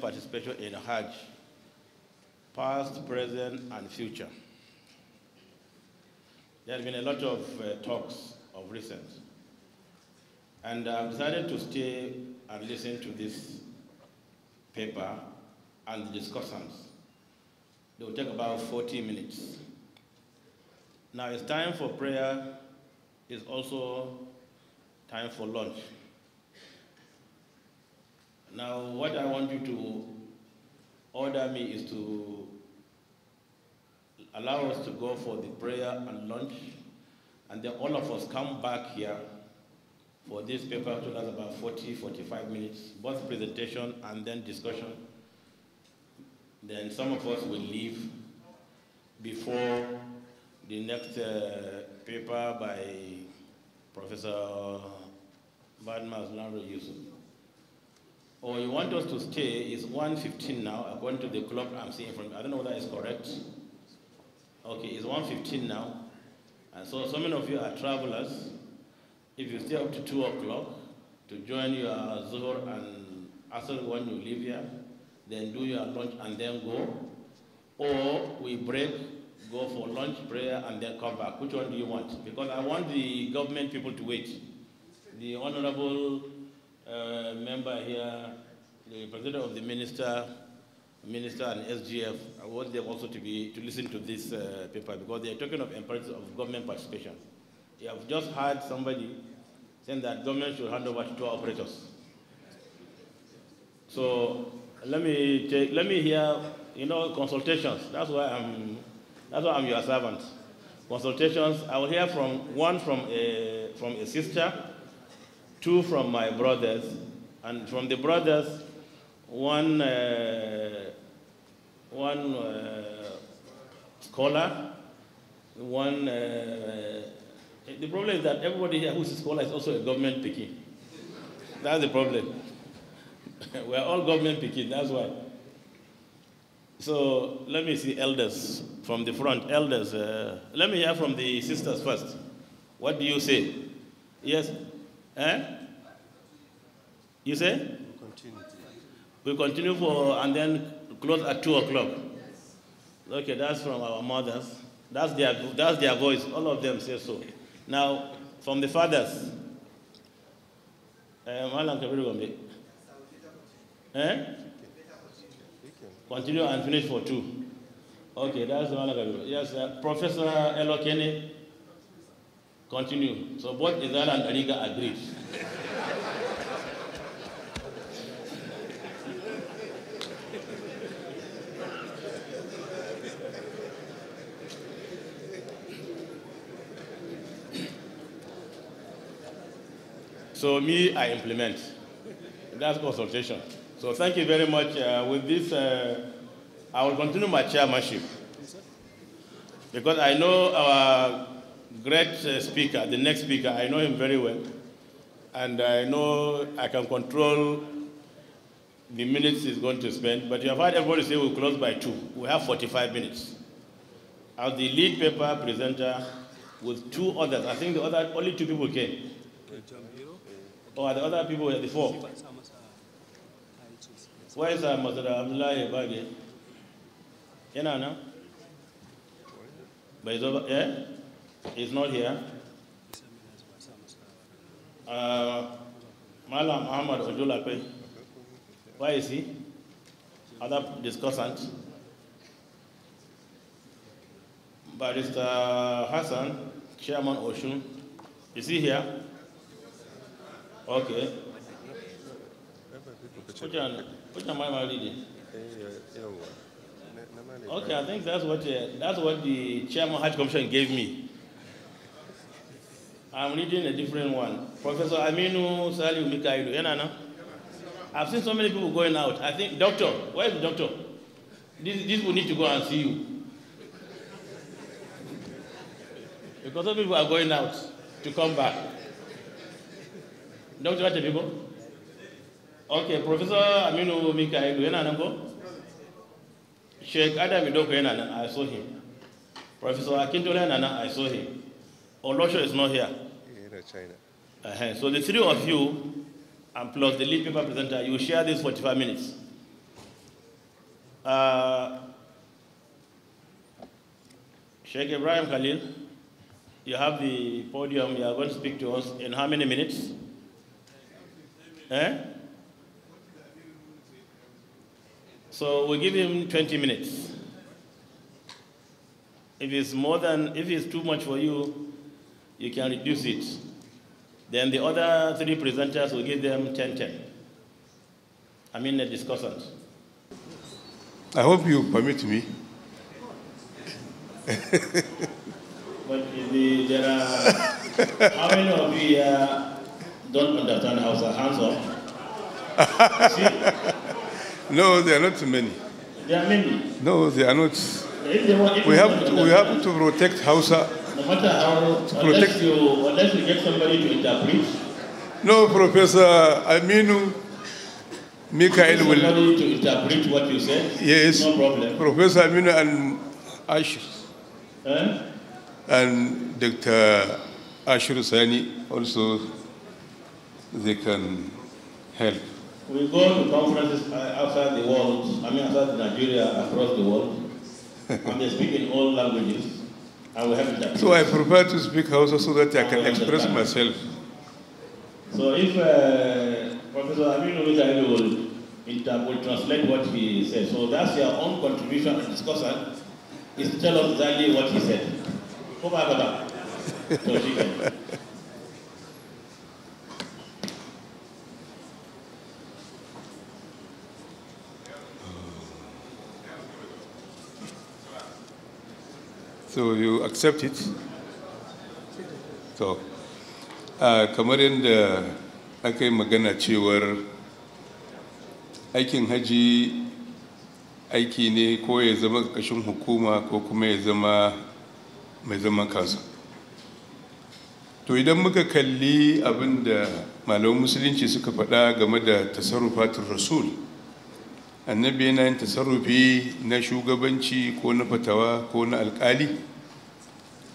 participation in Hajj, past, present, and future. There have been a lot of uh, talks of recent, and I've decided to stay and listen to this paper and the discussions. They will take about 40 minutes. Now it's time for prayer, it's also time for lunch. Now, what I want you to order me is to allow us to go for the prayer and lunch, and then all of us come back here for this paper to last about 40, 45 minutes, both presentation and then discussion. Then some of us will leave before the next uh, paper by Professor Badmas Naro Yusuf or oh, you want us to stay is 1.15 now, according to the clock I'm seeing from, I don't know whether it's correct. Okay, it's 1.15 now. And so, some many of you are travelers. If you stay up to 2 o'clock to join your Zuhur and Asr when you leave here, then do your lunch and then go. Or we break, go for lunch, prayer, and then come back. Which one do you want? Because I want the government people to wait. The Honorable uh, member here, the president of the minister, minister and SGF, I want them also to be to listen to this uh, paper because they are talking of importance of government participation. You have just heard somebody saying that government should hand over to tour operators. So let me take, let me hear you know consultations. That's why I'm that's why I'm your servant. Consultations. I will hear from one from a from a sister two from my brothers, and from the brothers, one, uh, one uh, scholar, one. Uh, the problem is that everybody here who's a scholar is also a government picking. That's the problem. We're all government picking, that's why. So let me see elders from the front. Elders, uh, let me hear from the sisters first. What do you say? Yes? Eh? You say? We'll continue. We continue for, and then close at 2 o'clock. Okay, that's from our mothers. That's their, that's their voice. All of them say so. Now, from the fathers. Um, eh? Continue and finish for 2. Okay, that's the one. Yes, uh, Professor Elokene, continue. So both Israel and Ariga agreed. me, I implement. That's consultation. So thank you very much. Uh, with this, uh, I will continue my chairmanship. Because I know our great uh, speaker, the next speaker, I know him very well. And I know I can control the minutes he's going to spend. But you have heard everybody say we'll close by 2. We have 45 minutes. As the lead paper presenter with two others, I think the other, only two people came. Or are the other people at the four? Why is that uh, Masada Abdullahi Bage? Yana na? But it's yeah? He's not here. Uh, Malam Muhammad Ojulape. Why is he? Other discussants. Barrister Hassan, Chairman Oshun. Is he here? Okay. Which am I married in? Okay, I think that's what, uh, that's what the chairman Hajj Commission gave me. I'm reading a different one. Professor Aminu Saliu Mikailu. Yenana? Eh, I've seen so many people going out. I think, doctor, where is the doctor? This, this will need to go and see you. Because some people are going out to come back. Don ta Ok, Professor Aminu Mikaelu yana nan ko? Sheikh Adam Idoko I saw him. Professor Akintola yana nan, I saw him. Olosho is not here. Yeah, China. Uh -huh. So the three of you, and plus the lead paper presenter, you share this 45 minutes. Uh, Sheikh Ibrahim Khalil, you have the podium. You are going to speak to us in how many minutes? Eh? So we give him 20 minutes. If it's more than, if it's too much for you, you can reduce it. Then the other three presenters will give them 10 10. I mean, the discussant. I hope you permit me. but the, there are, how many of you are don't understand Hausa, hands up. no, there are not too many. There are many. No, they are not. we have to, we have to protect Hausa. No matter how, to protect, unless, you, unless you get somebody to interpret. No, Professor Aminu Mikael will. Somebody to interpret what you said. Yes. No problem. Professor Aminu and Ashir. Eh? And Dr. Ashur Sani also they can help. We go to conferences outside the world, I mean outside Nigeria, across the world, and they speak in all languages. And we have so I prefer to speak Hausa so that I can express myself. So if uh, Professor Aminu Mijayel will, inter- will translate what he said, so that's your own contribution and discussion, is to tell us exactly what he said. Go back, go back. So so you accept it so uh, kamar yadda aka yi magana cewar aikin haji aiki ne ko ya zama ƙarƙashin hukuma ko kuma ya zama mai zama kansa to idan muka kalli abin da malamin musulunci suka faɗa game da tasarrufatul rasul annabi yana yin tasarrufi na shugabanci ko na fatawa ko na alkali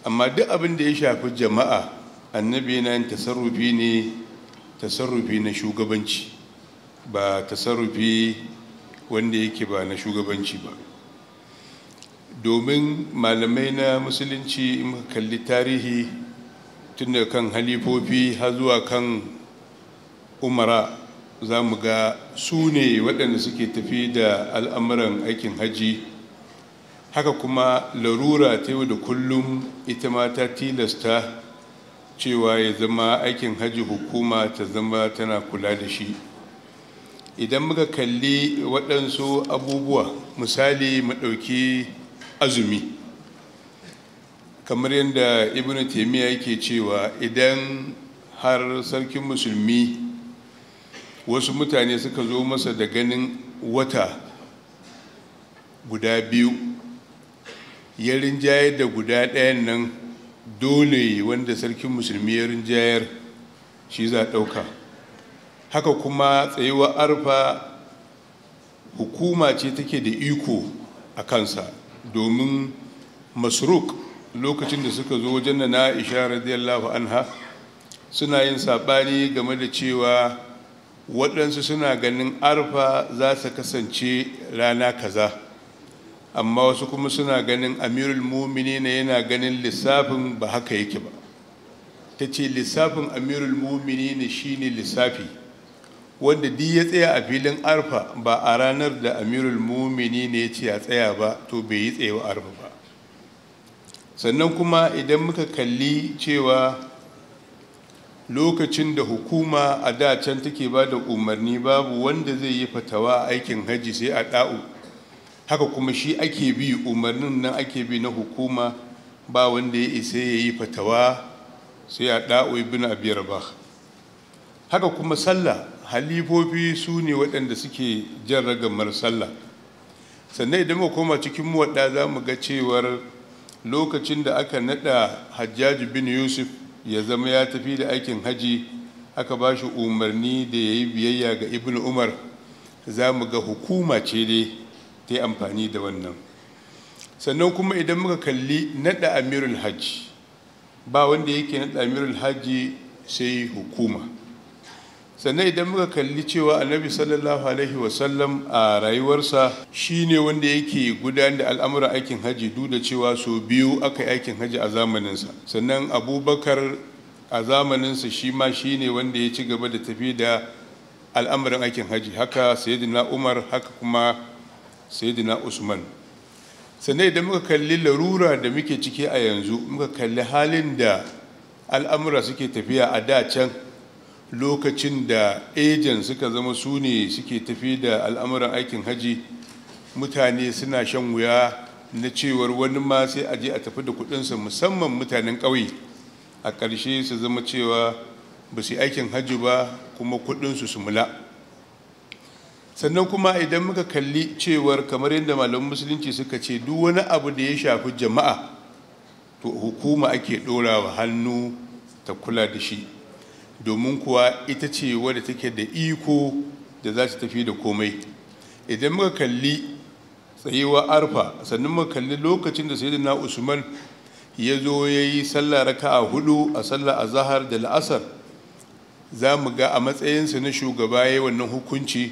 amma duk abin da ya shafi jama'a annabi yana yin tasarrufi ne tasarrufi na shugabanci ba tasarrufi wanda yake ba na shugabanci ba domin malamai na musulunci in kalli tarihi tun daga kan halifofi har zuwa kan umara za mu ga su ne waɗanda suke tafi da al'amuran aikin haji. haka kuma larura ta yau da kullum ita ma ta tilasta cewa ya zama aikin haji hukuma ta zama tana kula da shi idan muka kalli waɗansu abubuwa misali mu ɗauki azumi kamar yadda ibn taimiyya yake cewa idan har sarkin musulmi wasu mutane suka zo masa da ganin wata guda biyu ya rinjayar da guda ɗayan nan dole wanda sarkin musulmi ya rinjayar shi za ɗauka haka kuma tsayuwa arfa hukuma ce take da iko a kansa domin masruk lokacin da suka zo wajen na na isha radiyallahu anha suna yin saɓani game da cewa waɗansu suna ganin arfa za ta kasance rana kaza amma wasu kuma suna ganin amirul mumini ne yana ganin lissafin ba haka yake ba ta ce lissafin amirul mumini ne shine lissafi wanda di ya tsaya a filin arfa ba a ranar da amirul mumini ne ya ce ya tsaya ba to bai yi tsaye arfa ba sannan kuma idan muka kalli cewa lokacin da hukuma a da can take ba da umarni babu wanda zai yi fatawa aikin hajji sai a ɗa'u haka kuma shi ake bi umarnin nan ake bi na hukuma ba wanda ya isa ya yi fatawa sai a ɗa'u ibn abiyar ba haka kuma sallah halifofi su ne waɗanda suke jan ragamar sallah sannan idan mu koma cikin muwaɗa za mu ga cewar lokacin da aka naɗa hajjaji bin yusuf ya zama ya tafi da aikin haji aka ba shi umarni da ya yi biyayya ga ibn umar za mu ga hukuma ce dai ta amfani da wannan sannan kuma idan muka kalli naɗa amirul hajji ba wanda yake naɗa amirul hajji sai hukuma sannan idan muka kalli cewa annabi sallallahu alaihi wasallam a rayuwarsa shine wanda yake gudanar da al'amuran aikin haji duk da cewa so biyu aka aikin haji a zamaninsa sannan abubakar a zamaninsa shi ma shine wanda ya ci gaba da tafi da al'amuran aikin haji haka sayyidina umar haka kuma sayyidina usman sannan idan muka kalli larura da muke ciki a yanzu muka kalli halin da al'amura suke tafiya a da can lokacin da ejen suka zama su ne suke tafi da al'amuran aikin haji mutane suna shan wuya na cewar wani ma sai a je a tafi da kudinsa musamman mutanen ƙauye a ƙarshe su zama cewa ba su aikin haji ba kuma kudinsu su mula sannan kuma idan muka kalli cewar kamar yadda malamin musulunci suka ce duk wani abu da ya shafi jama'a to hukuma ake ɗora wa hannu ta kula da shi domin kuwa ita ce wadda take da iko da za ta tafi da komai idan muka kalli tsayewa arfa sannan muka kalli lokacin da na usman ya zo ya yi sallah raka'a hudu a sallah azahar da la'asar za mu ga a matsayinsa na shugaba ya wannan hukunci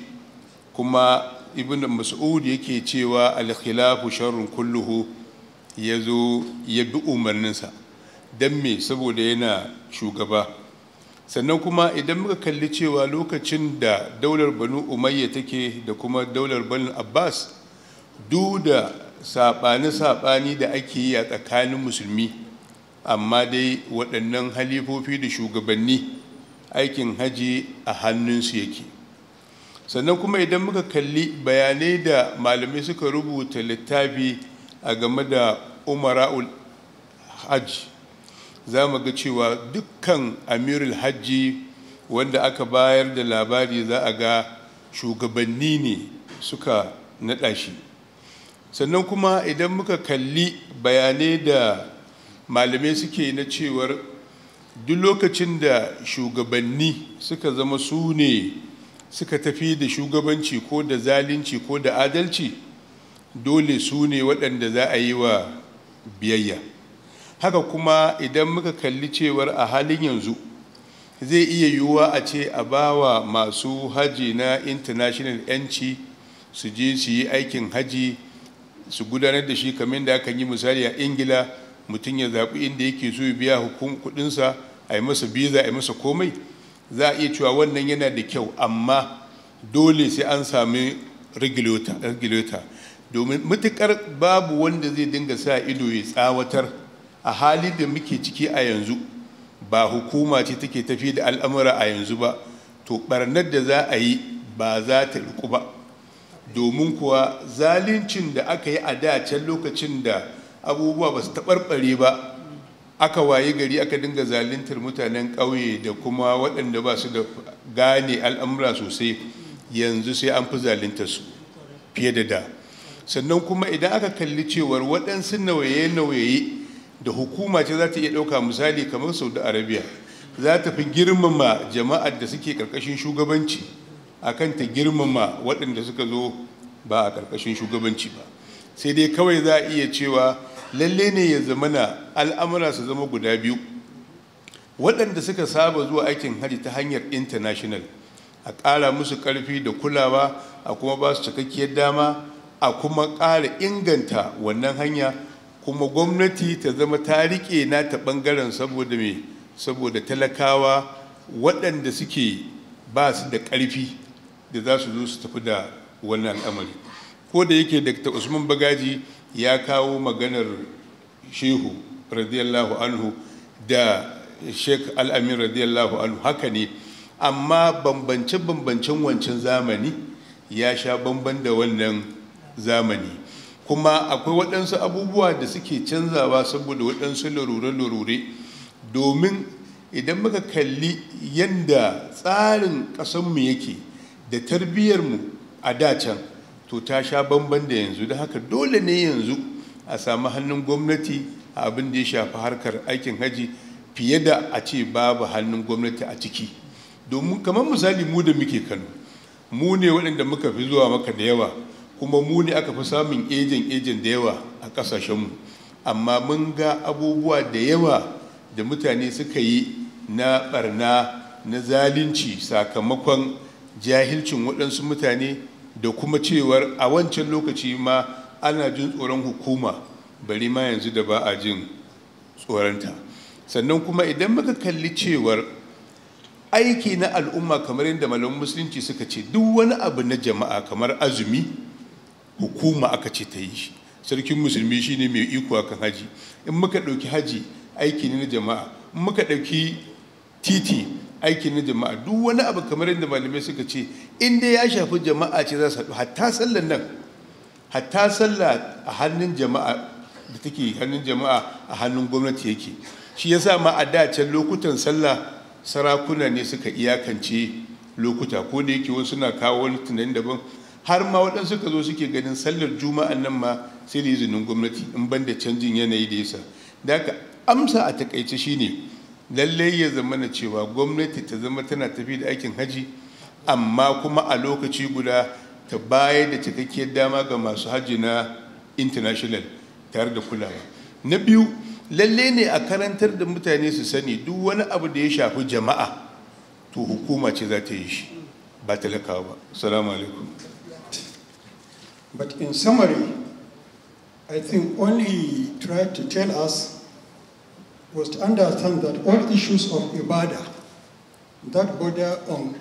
kuma ibn mas'ud yake cewa alkhilafu sharrun kulluhu ya zo ya bi umarninsa don me saboda yana shugaba sannan kuma idan muka kalli cewa lokacin da daular banu umayya take da kuma daular banu abbas duk da saɓani-saɓani da ake yi a tsakanin musulmi amma dai waɗannan halifofi da shugabanni aikin haji a hannunsu yake sannan kuma idan muka kalli bayanai da malamai suka rubuta littafi a game da umara'ul Hajji. za mu ga cewa dukkan amirul hajji wanda aka bayar da labari za a ga shugabanni ne suka naɗa shi sannan kuma idan muka kalli bayanai da malamai suke na cewar duk lokacin da shugabanni suka zama su ne suka tafi da shugabanci ko da zalunci ko da adalci dole su ne waɗanda za a yi wa biyayya haka kuma idan muka kalli cewar a halin yanzu zai iya yiwuwa a ce a bawa masu haji na international yanci su je su yi aikin haji su gudanar da shi kamar da aka yi misali a ingila mutum ya zaɓi inda yake so ya biya kuɗinsa a yi masa biza a yi masa komai za a iya cewa wannan yana da kyau amma dole sai an sami regulator domin matukar babu wanda zai dinga sa ido ya tsawatar a halin da muke ciki a yanzu ba hukuma ce take tafi da al'amura a yanzu ba to barnar da za a yi ba za ta riku ba domin kuwa zalincin da aka yi a dacen lokacin da abubuwa ba su taɓarɓare ba aka waye gari aka dinga zalintar mutanen ƙauye da kuma waɗanda ba su da gane al'amura sosai yanzu sai an fi zalintar su fiye da da sannan kuma idan aka kalli cewar waɗansu nauye-nauye da hukuma ce za ta iya ɗauka misali kamar saudi arabia za ta fi girmama jama'ar da suke ƙarƙashin shugabanci a kan ta girmama waɗanda suka zo ba a ƙarƙashin shugabanci ba sai dai kawai za a iya cewa lalle ne ya zamana al'amura su zama guda biyu waɗanda suka saba zuwa aikin hajji ta hanyar international a ƙara musu ƙarfi da kulawa a kuma ba su cikakkiyar dama a kuma ƙara inganta wannan hanya kuma gwamnati ta zama ta riƙe na ta ɓangaren saboda me saboda talakawa waɗanda suke ba su da ƙarfi da za su zo su tafi da wannan al'amari ko da yake dr usman bagaji ya kawo maganar shehu radiyallahu anhu da sheik al'amin radiyallahu anhu haka ne amma bambance-bambancen wancan zamani ya sha bamban da wannan zamani kuma akwai waɗansu abubuwa da suke canzawa saboda waɗansu larure-larure domin idan muka kalli yadda tsarin ƙasanmu yake da tarbiyyarmu a dacan to ta sha bamban da yanzu da haka dole ne yanzu a sami hannun gwamnati a abin da ya shafi harkar aikin haji fiye da a ce babu hannun gwamnati a ciki domin kamar misali mu da muke kano mu ne waɗanda muka fi zuwa maka da yawa kuma mu ne aka fi samun ejen ejen da yawa a kasashenmu, amma mun ga abubuwa da yawa da mutane suka yi na barna na zalunci sakamakon jahilcin waɗansu mutane da kuma cewar a wancan lokaci ma ana jin tsoron hukuma bari ma yanzu da ba a jin tsoronta sannan kuma idan muka kalli cewar aiki na al'umma kamar yadda malamin musulunci suka ce duk wani abu na jama'a kamar azumi hukuma aka ce ta yi shi sarkin musulmi shine mai iko akan haji in muka ɗauki haji aiki ne na jama'a in muka ɗauki titi aiki na jama'a duk wani abu kamar yadda malamai suka ce in dai ya shafi jama'a ce za su haɗu hatta sallar nan hatta sallah a hannun jama'a da take hannun jama'a a hannun gwamnati yake shi yasa ma a da can lokutan sallah sarakuna ne suka iyakance lokuta ko da yake wasu na kawo wani tunanin daban har ma waɗansu ka zo suke ganin sallar juma'a nan ma sai da izinin gwamnati in ban da canjin yanayi da yasa da haka amsa a takaice shine lallai ya zama na cewa gwamnati ta zama tana tafi da aikin haji amma kuma a lokaci guda ta bayar da cikakkiyar dama ga masu haji na international tare da kulawa na biyu lalle ne a karantar da mutane su sani duk wani abu da ya shafi jama'a to hukuma ce za ta yi shi ba talakawa ba salamu alaikum But in summary, I think all he tried to tell us was to understand that all issues of Ibadah that border on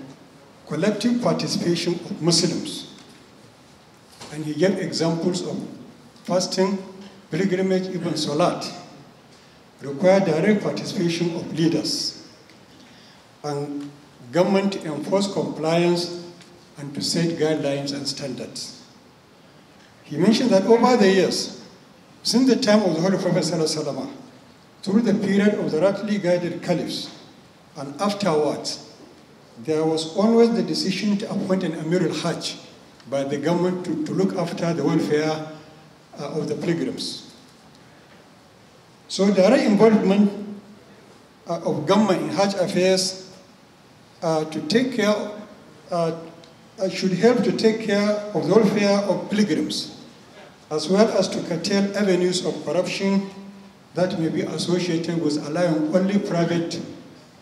collective participation of Muslims. And he gave examples of fasting, pilgrimage, even salat, require direct participation of leaders and government enforce compliance and to set guidelines and standards. He mentioned that over oh, the years, since the time of the Holy Prophet through the period of the rightly guided caliphs, and afterwards, there was always the decision to appoint an Amir al-Hajj by the government to, to look after the welfare uh, of the pilgrims. So direct involvement uh, of government in Hajj affairs uh, to take care, uh, uh, should help to take care of the welfare of pilgrims as well as to curtail avenues of corruption that may be associated with allowing only private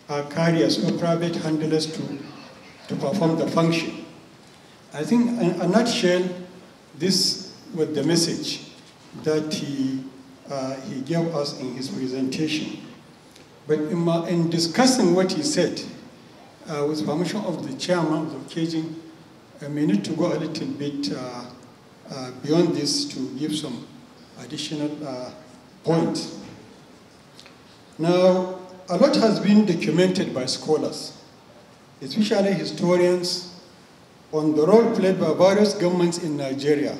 uh, carriers or private handlers to, to perform the function. I think in a nutshell, this was the message that he, uh, he gave us in his presentation. But in, my, in discussing what he said, uh, with permission of the chairman of the occasion, I may need to go a little bit uh, uh, beyond this to give some additional uh, points. Now, a lot has been documented by scholars, especially historians, on the role played by various governments in Nigeria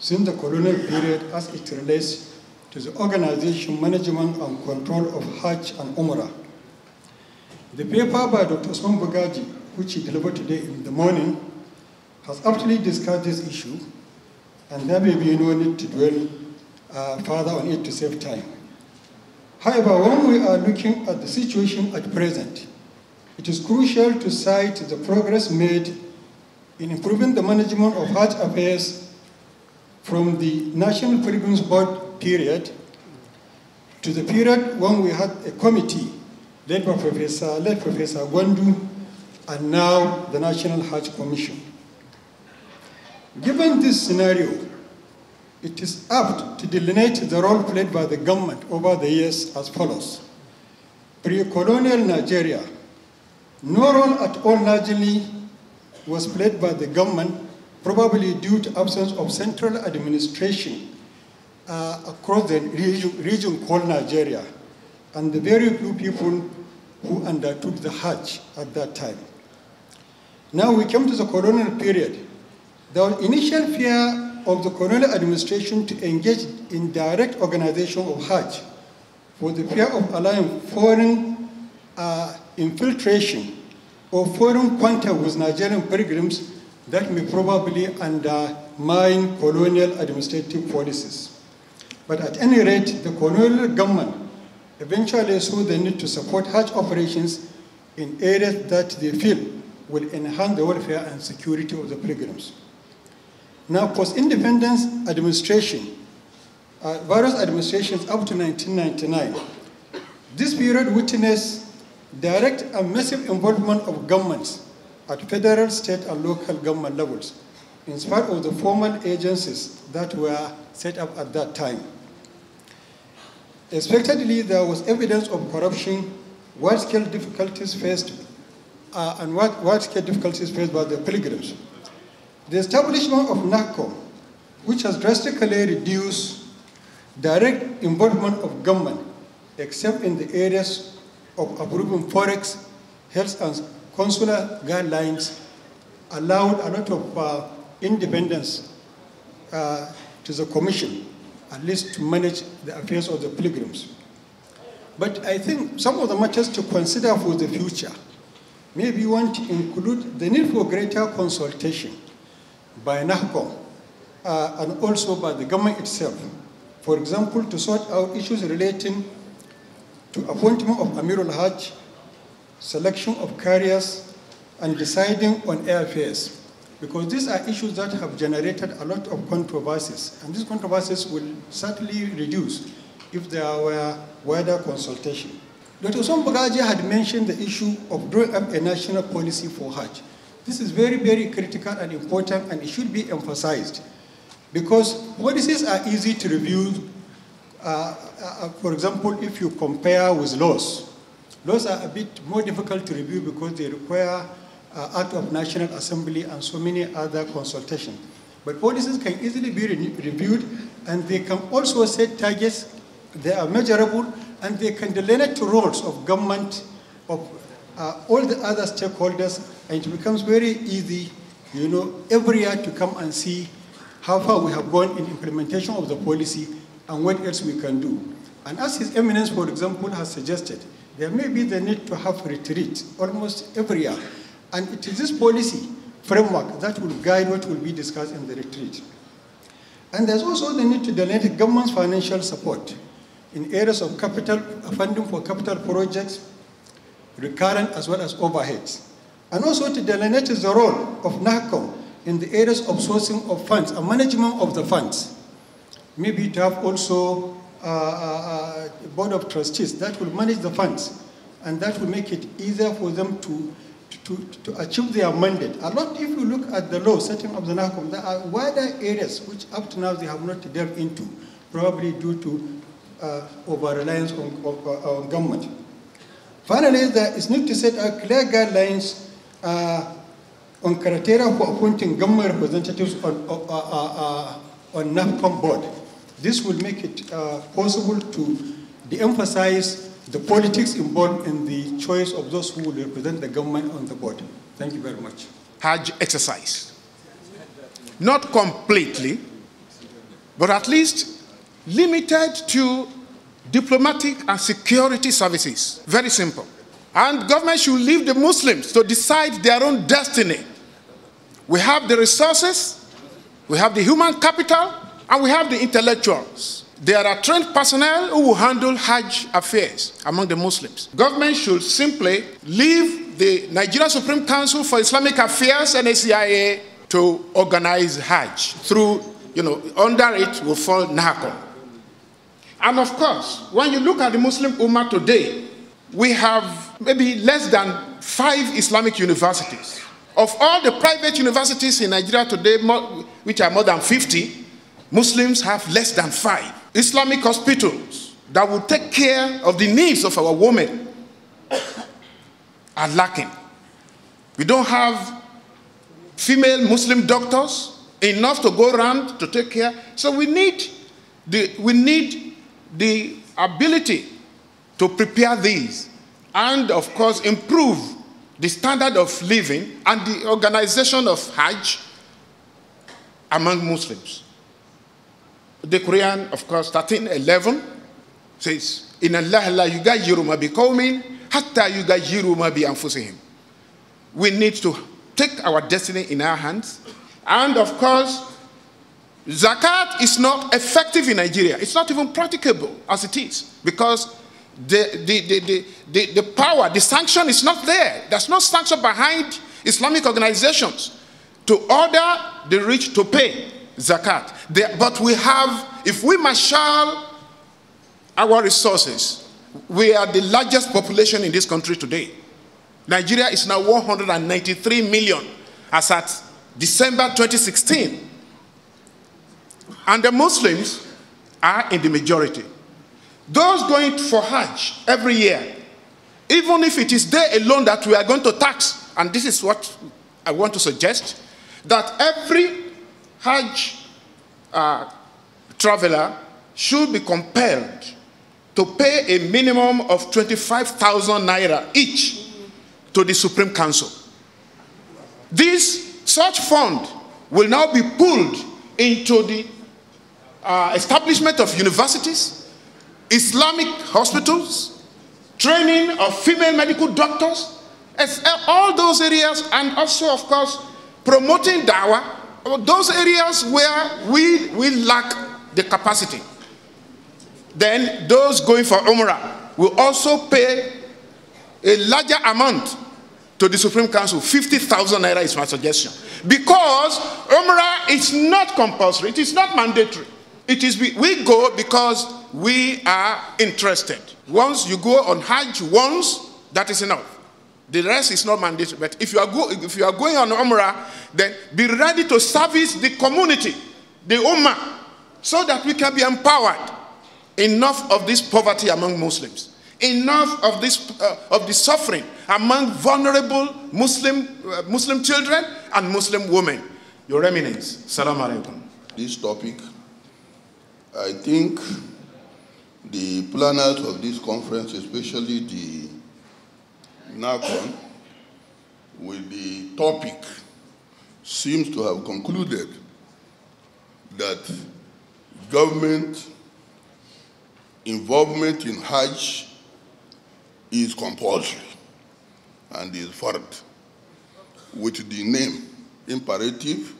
since the colonial period as it relates to the organization, management, and control of Hajj and Umrah. The paper by Dr. Osman Bagaji, which he delivered today in the morning, has aptly discussed this issue and there may be no need to dwell uh, further on it to save time. However, when we are looking at the situation at present, it is crucial to cite the progress made in improving the management of heart affairs from the National Freedoms Board period to the period when we had a committee led by Professor, led Professor Gwandu, and now the National Heart Commission. Given this scenario, it is apt to delineate the role played by the government over the years as follows. Pre-colonial Nigeria, no role at all largely was played by the government, probably due to absence of central administration uh, across the region, region called Nigeria, and the very few people who undertook the Hajj at that time. Now we come to the colonial period, the initial fear of the colonial administration to engage in direct organization of Hajj for the fear of allowing foreign uh, infiltration or foreign contact with Nigerian pilgrims that may probably undermine colonial administrative policies. But at any rate, the colonial government eventually saw the need to support Hajj operations in areas that they feel will enhance the welfare and security of the pilgrims. Now, post-independence administration, uh, various administrations up to 1999, this period witnessed direct and massive involvement of governments at federal, state, and local government levels, in spite of the formal agencies that were set up at that time. Expectedly, there was evidence of corruption, wide-scale difficulties faced, uh, and wide-scale difficulties faced by the pilgrims. The establishment of NACO, which has drastically reduced direct involvement of government, except in the areas of approving forex, health and consular guidelines, allowed a lot of uh, independence uh, to the commission, at least to manage the affairs of the pilgrims. But I think some of the matters to consider for the future, maybe want to include the need for greater consultation by NAHCO uh, and also by the government itself. For example, to sort out issues relating to appointment of Amirul Hajj, selection of carriers, and deciding on airfares. Because these are issues that have generated a lot of controversies, and these controversies will certainly reduce if there were wider consultation. Dr. Sombogaji had mentioned the issue of drawing up a national policy for Hajj. This is very, very critical and important, and it should be emphasized. Because policies are easy to review. Uh, uh, uh, for example, if you compare with laws, laws are a bit more difficult to review because they require uh, of National Assembly and so many other consultations. But policies can easily be re reviewed, and they can also set targets. They are measurable, and they can delineate roles of government, of uh, all the other stakeholders, and it becomes very easy, you know, every year to come and see how far we have gone in implementation of the policy and what else we can do. And as His Eminence, for example, has suggested, there may be the need to have retreat almost every year. And it is this policy framework that will guide what will be discussed in the retreat. And there's also the need to donate government's financial support in areas of capital funding for capital projects, recurrent as well as overheads. And also to delineate the role of NACOM in the areas of sourcing of funds and management of the funds. Maybe to have also a uh, uh, uh, board of trustees that will manage the funds and that will make it easier for them to, to, to achieve their mandate. A lot, if you look at the law setting up the NACOM, there are wider areas which up to now they have not delved into, probably due to uh, over-reliance on, on, on government. Finally, there is need to set out clear guidelines uh, on criteria for appointing government representatives on, on, uh uh, uh, uh, on board. This will make it uh, possible to de-emphasize the politics involved in the choice of those who will represent the government on the board. Thank you very much. Hajj exercise. Not completely, but at least limited to diplomatic and security services. Very simple. And government should leave the Muslims to decide their own destiny. We have the resources, we have the human capital, and we have the intellectuals. There are trained personnel who will handle Hajj affairs among the Muslims. Government should simply leave the Nigeria Supreme Council for Islamic Affairs and ACIA to organize Hajj through, you know, under it will fall NAHACON. And of course, when you look at the Muslim Ummah today, we have maybe less than five Islamic universities. Of all the private universities in Nigeria today, which are more than 50, Muslims have less than five. Islamic hospitals that will take care of the needs of our women are lacking. We don't have female Muslim doctors enough to go around to take care. So we need, the, we need the ability to prepare these and, of course, improve the standard of living and the organization of Hajj among Muslims. The Quran, of course, eleven says, In Allah la yugayiru ma biqawmin hatta yugayiru ma bi anfusihim. We need to take our destiny in our hands and, of course, Zakat is not effective in Nigeria. It's not even practicable as it is because the, the, the, the, the power, the sanction is not there. There's no sanction behind Islamic organizations to order the rich to pay zakat. They, but we have, if we marshal our resources, we are the largest population in this country today. Nigeria is now 193 million as at December 2016. And the Muslims are in the majority. Those going for Hajj every year, even if it is they alone that we are going to tax, and this is what I want to suggest, that every Hajj uh, traveler should be compelled to pay a minimum of 25,000 naira each to the Supreme Council. This such fund will now be pulled into the uh, establishment of universities, Islamic hospitals, training of female medical doctors, uh, all those areas, and also, of course, promoting dawah, those areas where we, we lack the capacity. Then those going for Umrah will also pay a larger amount to the Supreme Council. 50,000 naira is my suggestion. Because Umrah is not compulsory, it is not mandatory. It is we, we go because we are interested. Once you go on Hajj once, that is enough. The rest is not mandatory. But if you are, go, if you are going on Umrah, then be ready to service the community, the Ummah, so that we can be empowered. Enough of this poverty among Muslims. Enough of this uh, of the suffering among vulnerable Muslim uh, Muslim children and Muslim women. Your eminence. Salam alaikum. This topic I think the planners of this conference, especially the NACON, with the topic seems to have concluded that government involvement in Hajj is compulsory and is further with the name imperative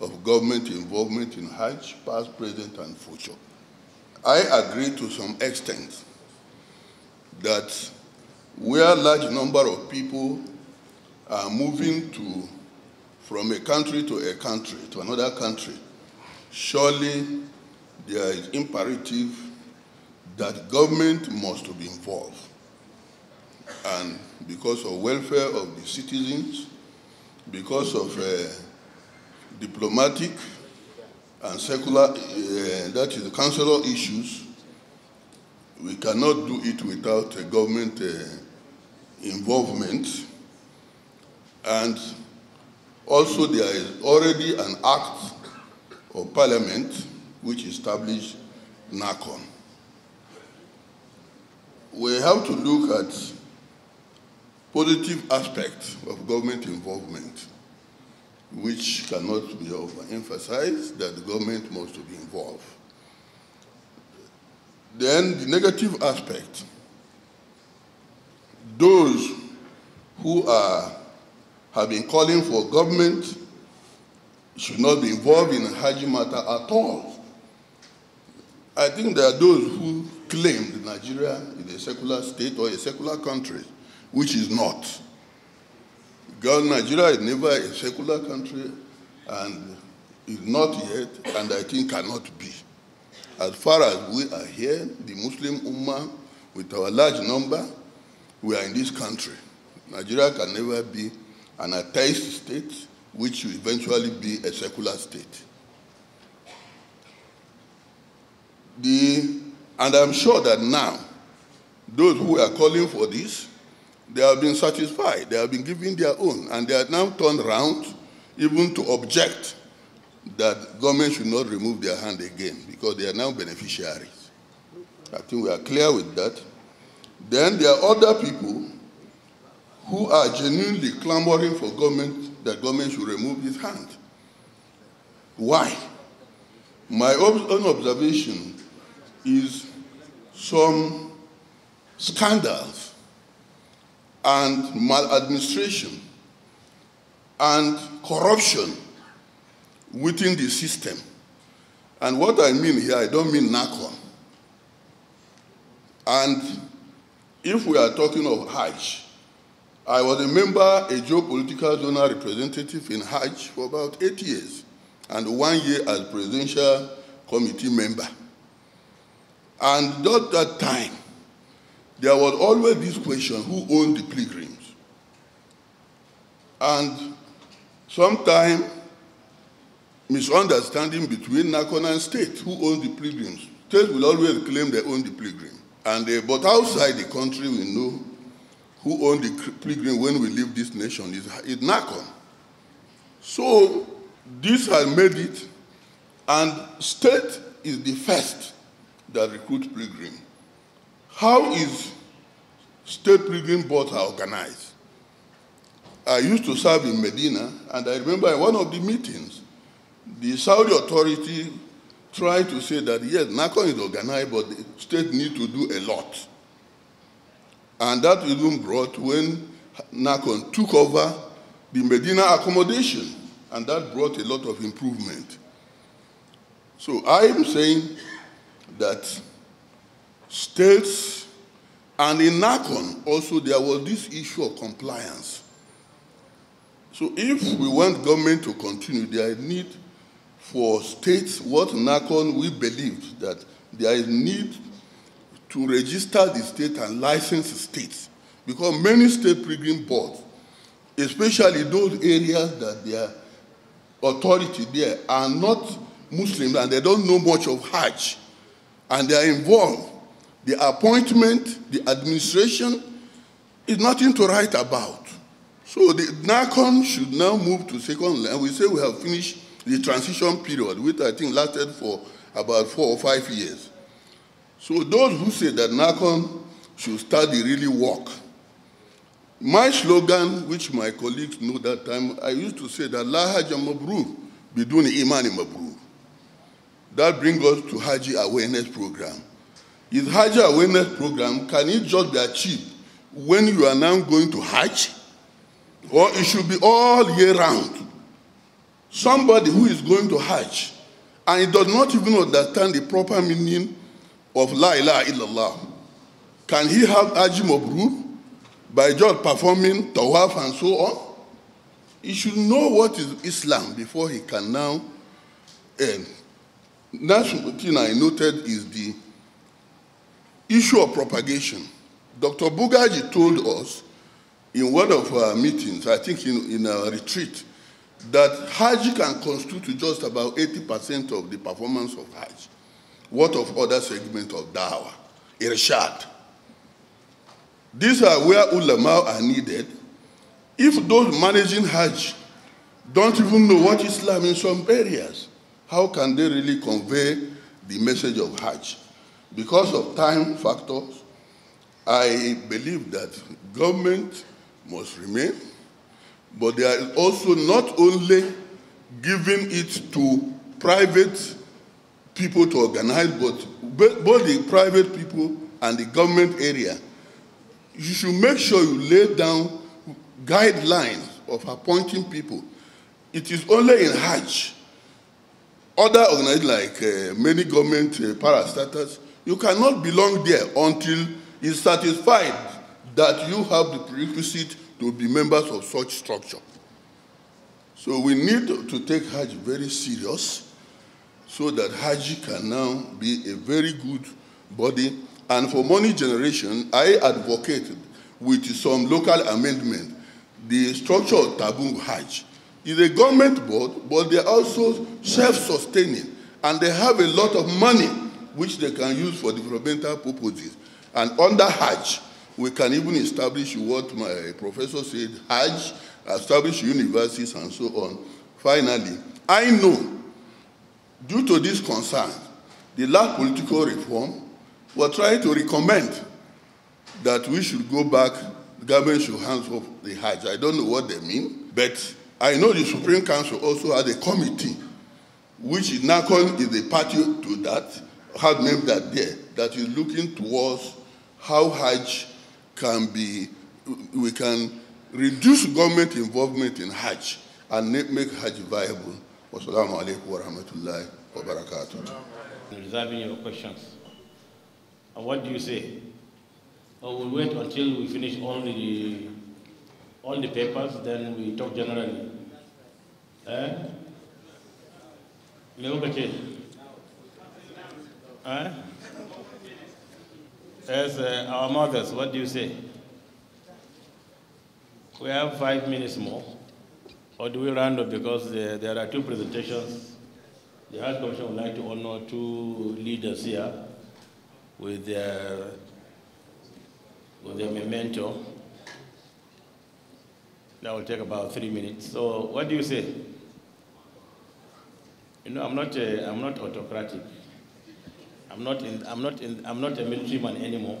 of government involvement in Hajj, past, present, and future. I agree to some extent that where a large number of people are moving to, from a country to a country, to another country, surely there is imperative that government must be involved. And because of welfare of the citizens, because of uh, diplomatic, and secular, uh, that is, cultural issues, we cannot do it without a government uh, involvement. And also there is already an act of parliament which established NACON. We have to look at positive aspects of government involvement which cannot be overemphasized, that the government must be involved. Then the negative aspect, those who are, have been calling for government should not be involved in Haji matter at all. I think there are those who claim that Nigeria is a secular state or a secular country, which is not. God, Nigeria is never a secular country and is not yet, and I think cannot be. As far as we are here, the Muslim Ummah, with our large number, we are in this country. Nigeria can never be an atheist state, which will eventually be a secular state. The, and I'm sure that now, those who are calling for this they have been satisfied. They have been given their own. And they are now turned round even to object that government should not remove their hand again because they are now beneficiaries. I think we are clear with that. Then there are other people who are genuinely clamoring for government that government should remove his hand. Why? My own observation is some scandals and maladministration and corruption within the system. And what I mean here, I don't mean NACON. And if we are talking of Hajj, I was a member, a geopolitical zonal representative in Hajj for about eight years, and one year as presidential committee member. And at that time, there was always this question who owned the pilgrims? And sometimes misunderstanding between Nakon and state who owned the pilgrims. State will always claim they own the pilgrim. And uh, but outside the country, we know who owned the pilgrim when we leave this nation is, Nakon. So this has made it, and state is the first that recruit pilgrim. How is state pilgrim boards are organized? I used to serve in Medina, and I remember in one of the meetings, the Saudi authority tried to say that, yes, NACON is organized, but the state need to do a lot. And that even brought when NACON took over the Medina accommodation, and that brought a lot of improvement. So I'm saying that states, and in Nakon also there was this issue of compliance. So if we want government to continue, there is need for states, what NACON we believed that there is need to register the state and license states. Because many state pilgrim boards, especially those areas that their authority there are not Muslims and they don't know much of Hajj, and they are involved the appointment, the administration is nothing to write about. So the NACON should now move to second level. We say we have finished the transition period, which I think lasted for about four or five years. So those who say that NACON should study really work. My slogan, which my colleagues know that time, I used to say that La Hajj Mabrur, Biduni Imani Mabrur. That brings us to Haji Awareness Program. Is Hajj awareness program, can it just be achieved when you are now going to Hajj? Or it should be all year round. Somebody who is going to Hajj and he does not even understand the proper meaning of La ilaha illallah, can he have Hajj Mabrur by just performing Tawaf and so on? He should know what is Islam before he can now. Um, that's the thing I noted is the issue of propagation. Dr. Bugaji told us in one of our meetings, I think in, in our retreat, that Hajj can constitute just about 80% of the performance of Hajj. What of other segments of Dawah, Irshad? These are where ulama are needed. If those managing Hajj don't even know what Islam in some areas, how can they really convey the message of Hajj? Because of time factors, I believe that government must remain, but they are also not only giving it to private people to organize, but both the private people and the government area. You should make sure you lay down guidelines of appointing people. It is only in Hajj. Other organizations like uh, many government uh, parastatals you cannot belong there until it's satisfied that you have the prerequisite to be members of such structure. So we need to take Hajj very serious so that Hajj can now be a very good body. And for money generation, I advocated with some local amendment the structure of Tabung Hajj. It's a government board, but they're also self-sustaining and they have a lot of money which they can use for developmental purposes. And under Hajj, we can even establish what my professor said, Hajj, establish universities and so on. Finally, I know, due to this concern, the last political reform were trying to recommend that we should go back, the government should hands off the Hajj. I don't know what they mean, but I know the Supreme Council also had a committee which is now called the party to that, had named that there, that is looking towards how Hajj can be, we can reduce government involvement in Hajj and make Hajj viable. Wassalamu alaikum wa rahmatullahi wa barakatuh. Reserving your questions. And what do you say? Or we'll wait until we finish all the, all the papers, then we talk generally. Eh? Me as uh, our mothers, what do you say? We have five minutes more. Or do we round up because there, there are two presentations? The Health Commission would like to honor two leaders here with their, with their memento. That will take about three minutes. So what do you say? You know, I'm not, a, I'm not autocratic. I'm not, in, I'm, not in, I'm not a military man anymore.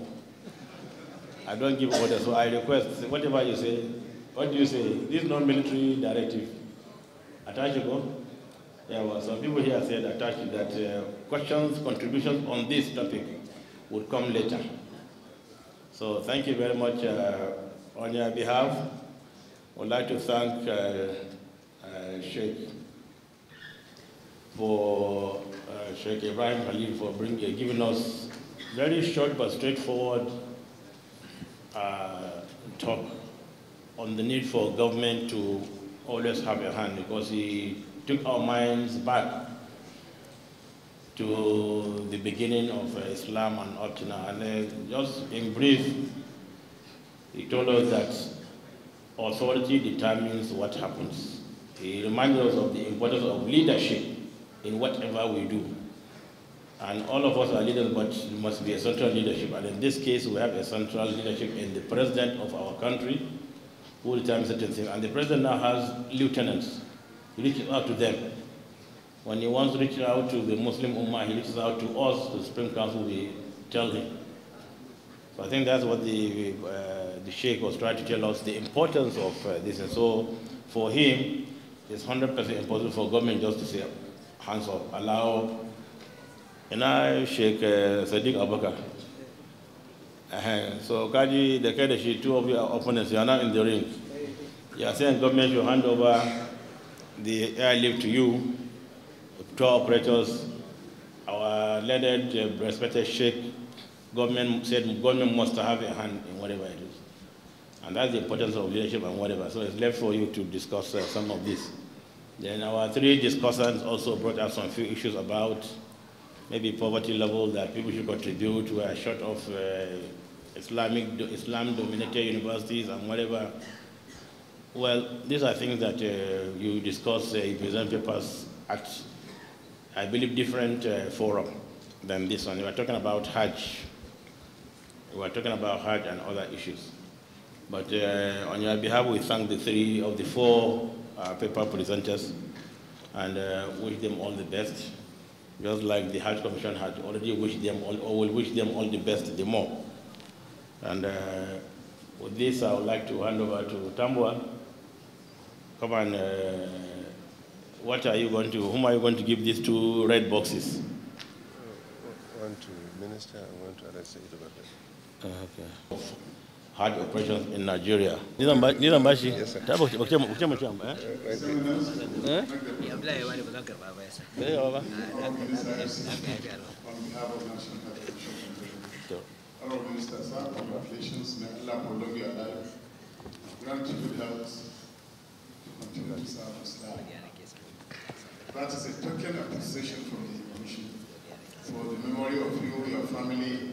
I don't give orders, so I request whatever you say. What do you say? This non military directive. Attachable. There were some people here said attached that uh, questions, contributions on this topic would come later. So thank you very much uh, on your behalf. I would like to thank uh, uh Sheikh for uh, Sheikh Ibrahim Khalil for bringing, giving us very short but straightforward uh, talk on the need for government to always have a hand because he took our minds back to the beginning of uh, Islam and up to now. And uh, just in brief, he told us that authority determines what happens. He reminded us of the importance of leadership in whatever we do. And all of us are leaders, but it must be a central leadership. And in this case, we have a central leadership in the president of our country, who will certain things. And the president now has lieutenants. He reaches out to them. When he wants to reach out to the Muslim Ummah, he reaches out to us, the Supreme Council, we tell him. So I think that's what the, uh, the Sheikh was trying to tell us, the importance of uh, this. And so for him, it's 100% impossible for government just to say, hands up. Allow. and I shake. Uh, Sadiq Abubakar. Uh -huh. So Kaji, the Kedeshi, two of your opponents, you are now in the ring. You are saying government should hand over the airlift to you, to operators, our learned, uh, respected Sheikh, government said government must have a hand in whatever it is. And that's the importance of leadership and whatever. So it's left for you to discuss uh, some of this. Then our three discussants also brought up some few issues about maybe poverty level that people should contribute. We are short of uh, Islamic, Islam-dominated universities and whatever. Well, these are things that uh, you discuss uh, in present papers at, I believe, different uh, forum than this one. We are talking about Hajj. We are talking about Hajj and other issues. But uh, on your behalf, we thank the three of the four uh, paper presenters and uh, wish them all the best. Just like the health Commission had already wished them all, or will wish them all the best, the more. And uh, with this, I would like to hand over to Tambua. Come on, uh, what are you going to, whom are you going to give these two red boxes? One to Minister and one to Alexei Dubabek. okay hard operations in Nigeria. Ni zan bashi? Ta Minister, sir, congratulations. May Allah prolong your life, grant you good health, continue to serve Islam. That is a token appreciation from the Commission for the memory of you, your family,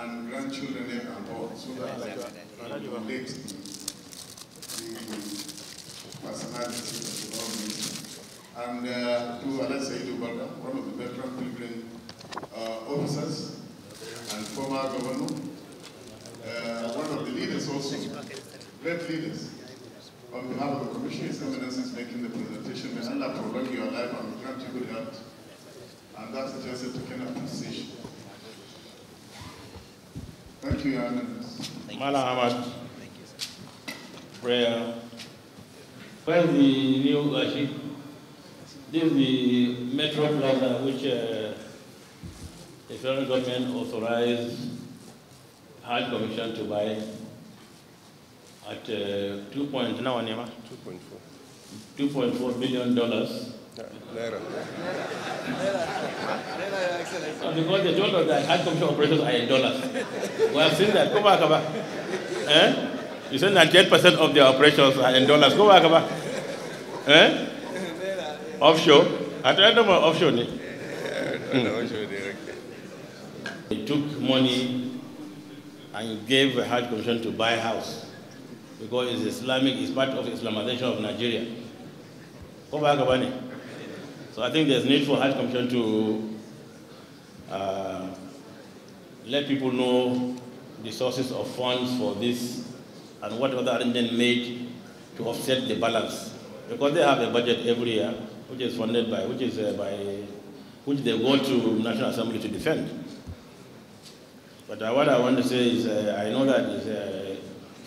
and grandchildren here and all, so that I can relate the personality of the government. And uh, to Alessa Idubaka, one of the veteran pilgrim uh, officers and former governor, uh, one of the leaders also, great leaders. On behalf of the Commission, His Eminence is making the presentation. May Allah prolong your life and grant you good health. And that's just a token of appreciation. Thank you, Your Madam Ahmad, prayer. Where's the new uh, This is the Metro Plaza, which uh, the federal government authorized Hard Commission to buy at uh, 2.4 billion dollars Later. Because they told us that hard commission operations are in dollars. we have seen that. Go back, go back. Eh? You said 98% of their operations are in dollars. Go back, go back. Eh? offshore. I don't know about offshore. Yeah, He took money and gave a hard commission to buy a house because it's Islamic, it's part of Islamization of Nigeria. Go back, so I think there's need for Hajj Commission to uh, let people know the sources of funds for this and what other arrangements made to offset the balance. Because they have a budget every year, which is funded by, which is uh, by, which they go to National Assembly to defend. But uh, what I want to say is, uh, I know that the uh,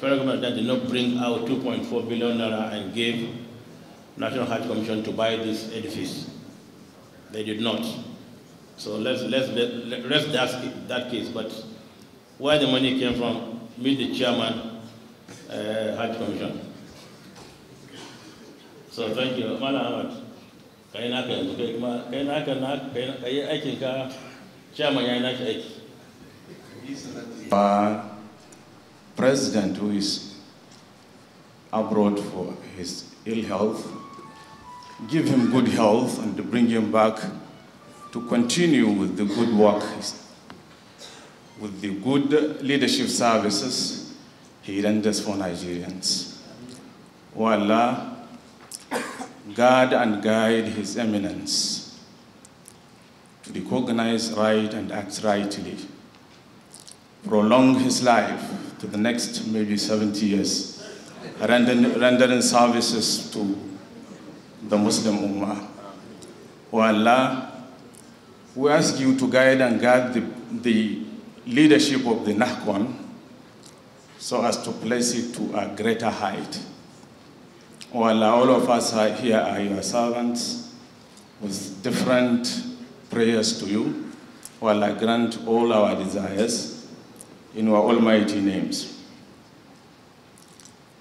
federal government did not bring out 2.4 billion naira and gave National Hajj Commission to buy this edifice. They did not. So let's, let's, let, let's that, that case. But where the money came from, meet the chairman, uh, Hajj Commission. So thank you. Madam Ahmad, kai naka uh, chairman president who is abroad for his ill health give him good health and to bring him back to continue with the good work, with the good leadership services he renders for Nigerians. O Allah, guard and guide His Eminence to recognize right and act rightly. Prolong his life to the next maybe 70 years, rendering, rendering services to the Muslim Ummah. O oh Allah, we ask you to guide and guard the, the leadership of the Nahkon so as to place it to a greater height. O oh Allah, all of us are here are your servants with different prayers to you. O oh Allah, grant all our desires in your almighty names.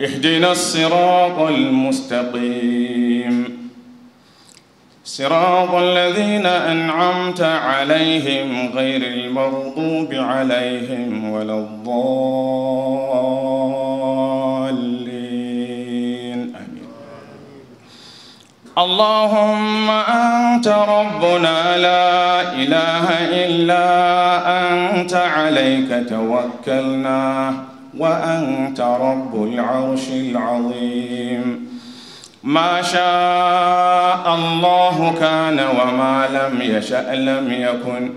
اهدنا الصراط المستقيم صراط الذين أنعمت عليهم غير المغضوب عليهم ولا الضالين أمين اللهم أنت ربنا لا إله إلا أنت عليك توكلنا وأنت رب العرش العظيم ما شاء الله كان وما لم يشأ لم يكن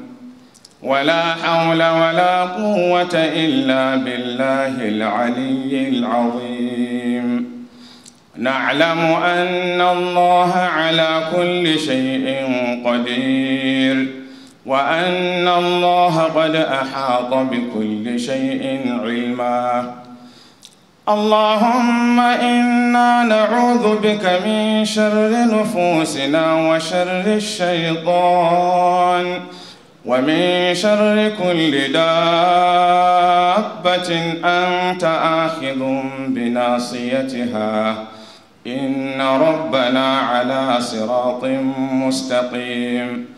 ولا حول ولا قوة إلا بالله العلي العظيم نعلم أن الله على كل شيء قدير وأن الله قد أحاط بكل شيء علما اللهم إنا نعوذ بك من شر نفوسنا وشر الشيطان ومن شر كل دابة أنت آخذ بناصيتها إن ربنا على صراط مستقيم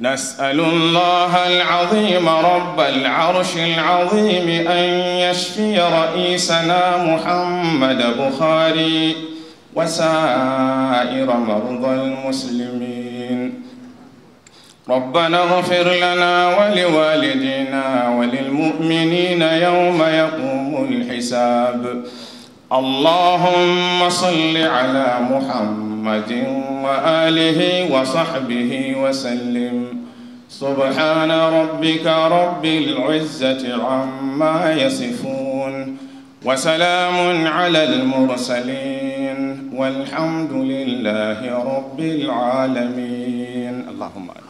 نسأل الله العظيم رب العرش العظيم أن يشفي رئيسنا محمد بخاري وسائر مرضى المسلمين ربنا اغفر لنا ولوالدينا وللمؤمنين يوم يقوم الحساب اللهم صل على محمد محمد وآله وصحبه وسلم سبحان ربك رب العزة عما يصفون وسلام على المرسلين والحمد لله رب العالمين اللهم أكبر